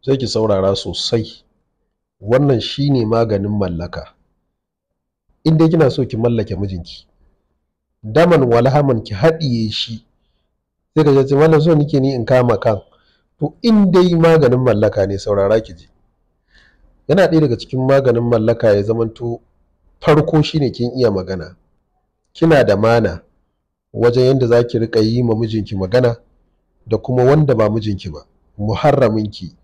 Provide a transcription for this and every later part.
sai ki saurara sosai wannan shine maganin mallaka in dai kina so ki mallake mijinki daman walhaman ki haɗiye shi sai ka ce wannan so nike ni in kama kan to in dai maganin mallaka ne saurara ki ji yana ɗaya daga cikin maganin mallaka ya zamanto farko shine kin iya magana kina da mana wajen yadda za ki riƙa yi ma mijinki magana da kuma wanda ba mijinki ba muharraminki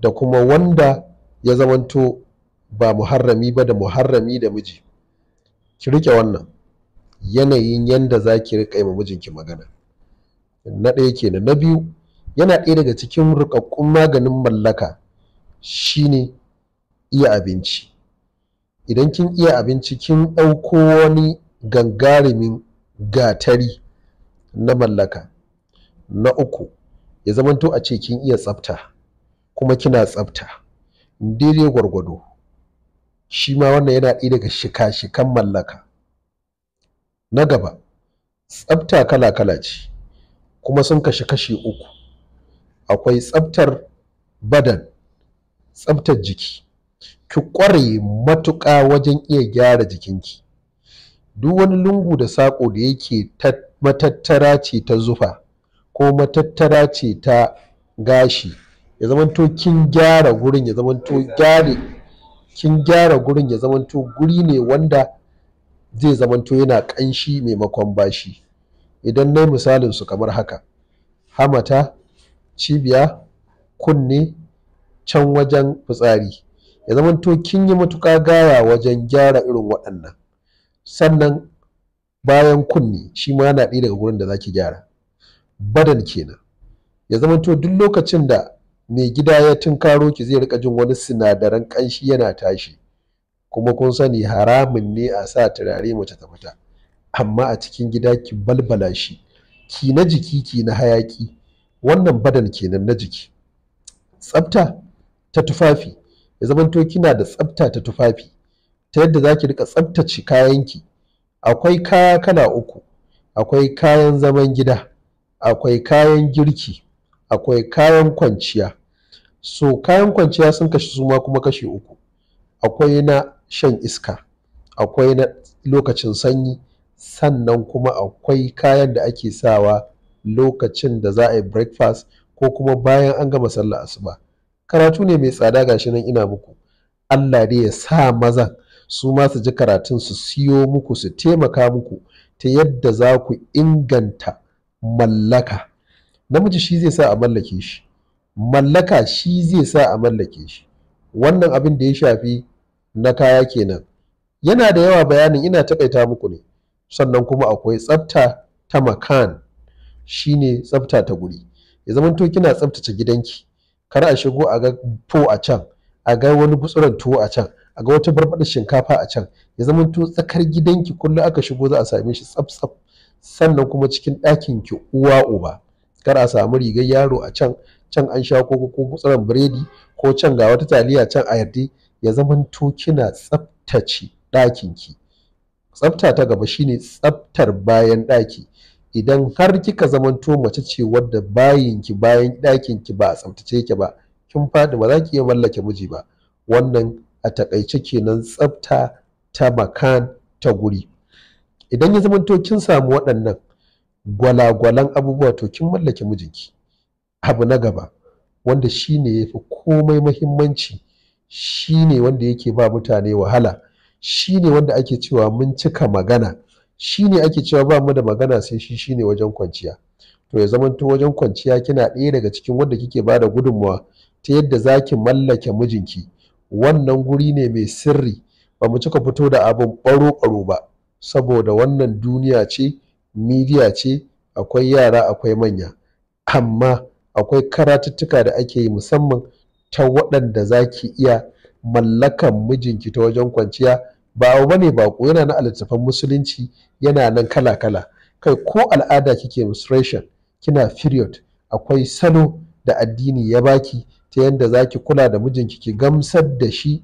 da kuma wanda ya zamanto ba muharrami ba da muharrami da miji ki rike wannan yanayin yanda za ki riƙa ma mijinki magana na ɗaya kenan na biyu yana ɗaya daga cikin rikakkun maganin mallaka shine iya abinci idan kin iya abinci kin ɗauko wani gangarimin gatari na mallaka na uku ya zamanto a ce kin iya tsafta kuma kina tsafta daidai gwargwado shi ma wannan yana ɗaya daga shika-shikan mallaka na gaba tsafta kala-kala ce kuma sun kashe kashe uku akwai tsaftar badan tsaftar jiki ki ƙware matuƙa wajen iya gyara jikinki duk wani lungu da saƙo da yake matattara ce ta zufa ko matattara ce ta gashi ya zamanto kin gyara gurin ya zamanto gyare kin gyara gurin ya to guri ne wanda zai zamanto yana ƙanshi maimakon bashi idan na misalin su kamar haka hamata cibiya kunne can wajen fitsari ya zamanto kin yi matuka gaya wajen gyara irin waɗannan sannan bayan kunne shi ma yana ɗaya daga gurin da za ki gyara badan kenan ya zamanto duk lokacin da mai gida ya tunkaro ki zai rika jin wani sinadaran ƙanshi yana tashi kuma kun sani haramun ne a sa turare mace ta fita amma a cikin gida ki balbala shi ki na jiki ki na hayaki wannan badan kenan na jiki tsafta ta tufafi ya zama zamanto kina da tsafta ta tufafi ta yadda za ki rika tsaftace kayanki akwai kaya kala uku akwai kayan zaman gida akwai kayan girki akwai kayan kwanciya so kayan kwanciya sun kashi su ma kuma kashe uku akwai na shan iska akwai na lokacin sanyi sannan kuma akwai kayan da ake sawa lokacin da za a yi breakfast ko kuma bayan an gama sallah asuba karatu ne mai tsada ga shi nan ina muku Allah dai ya sa maza su ma su ji karatun su siyo muku su taimaka muku ta yadda za ku inganta mallaka namiji shi zai sa a mallake shi mallaka shi zai sa a mallake shi wannan abin da ya shafi na kaya kenan yana da yawa bayanin ina takaita muku ne sannan kuma akwai tsafta ta makan shine tsafta ta guri ya zama to kina tsaftace gidanki kar a shigo a ga fo a can a ga wani gutsuran tuwo a can a ga wata barbaɗar shinkafa a can ya zama to tsakar gidanki kullum aka shigo za a same shi tsaf sannan kuma cikin ɗakin ki uwa uba kar a samu rigar yaro a can can an sha koko ko gutsuran biredi ko can ga wata taliya can a yarda ya zamanto kina tsaftace ɗakinki tsafta ta gaba shine tsaftar bayan ɗaki idan har kika zamanto mace ce wadda bayinki bayan ɗakinki ba a tsaftace ki ba kin faɗi ba za ki iya mallake miji ba wannan a takaice kenan tsafta ta makan ta guri idan ya zamanto kin samu waɗannan gwalagwalan abubuwa to kin mallake mijinki abu na gaba wanda shi ne ya fi komai mahimmanci shi ne wanda yake ba mutane wahala shi ne wanda ake cewa mun cika magana shi ne ake cewa ba mu da magana sai shi shi ne wajen kwanciya to ya zamanto wajen kwanciya kina ɗaya daga cikin wanda kike ba da gudunmawa ta yadda za ki mallake mijinki wannan guri ne mai sirri ba mu cika fito da abin ɓaro-ɓaro ba saboda wannan duniya ce midiya ce akwai yara akwai manya amma akwai karatuttuka da ake yi musamman ta waɗanda za ki iya mallakan mijinki ta wajen kwanciya ba abu bane baƙo yana nan a musulunci yana nan kala kala kai ko al'ada kike menstruation kina period akwai salo da addini ya baki ta yanda ki kula da mijinki ki gamsar da shi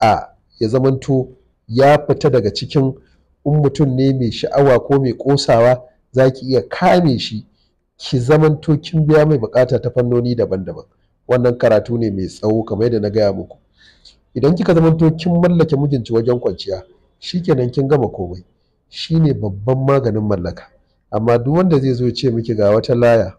a ya zamanto ya fita daga cikin in mutum ne mai sha'awa ko mai ƙosawa za ki iya kame shi ki zamanto kin biya mai bukata ta fannoni daban-daban wannan karatu ne mai tsawo kamar yadda na gaya muku idan kika zamanto kin mallake mijinki wajen kwanciya shi kenan kin gama komai shine babban maganin mallaka amma duk wanda zai zo ce miki ga wata laya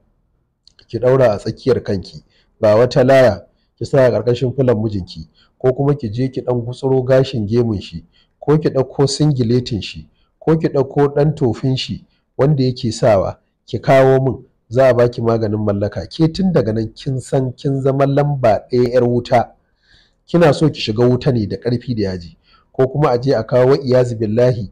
ki daura a tsakiyar kanki ga wata laya ki sa a ƙarƙashin fulan mijinki ko kuma ki je ki dan gutsuro gashin gemun shi ko ki ɗauko singiletin shi ko ki ɗauko ɗan tofin shi wanda yake sawa ki kawo min za a baki maganin mallaka ke tun daga nan kin san kin zama lamba ɗaya yar wuta kina so ki shiga wuta ne da ƙarfi da yaji ko kuma a je a kawo iyazu billahi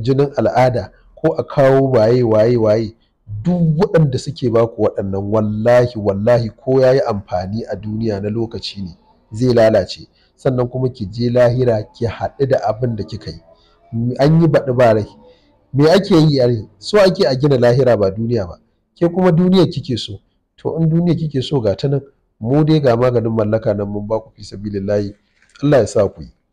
jinin al'ada ko a kawo waye waye waye duk waɗanda suke baku waɗannan wallahi wallahi ko ya yi amfani a duniya na lokaci ne zai lalace sannan kuma ki je lahira ki haɗu da abin da kika yi an yi baɗi ba rai me ake yi a so ake a gina lahira ba duniya ba ke kuma duniya kike so to in duniya kike so ga ta nan mu dai ga maganin mallaka nan mun ba ku fi sabilillahi Allah ya sa ku yi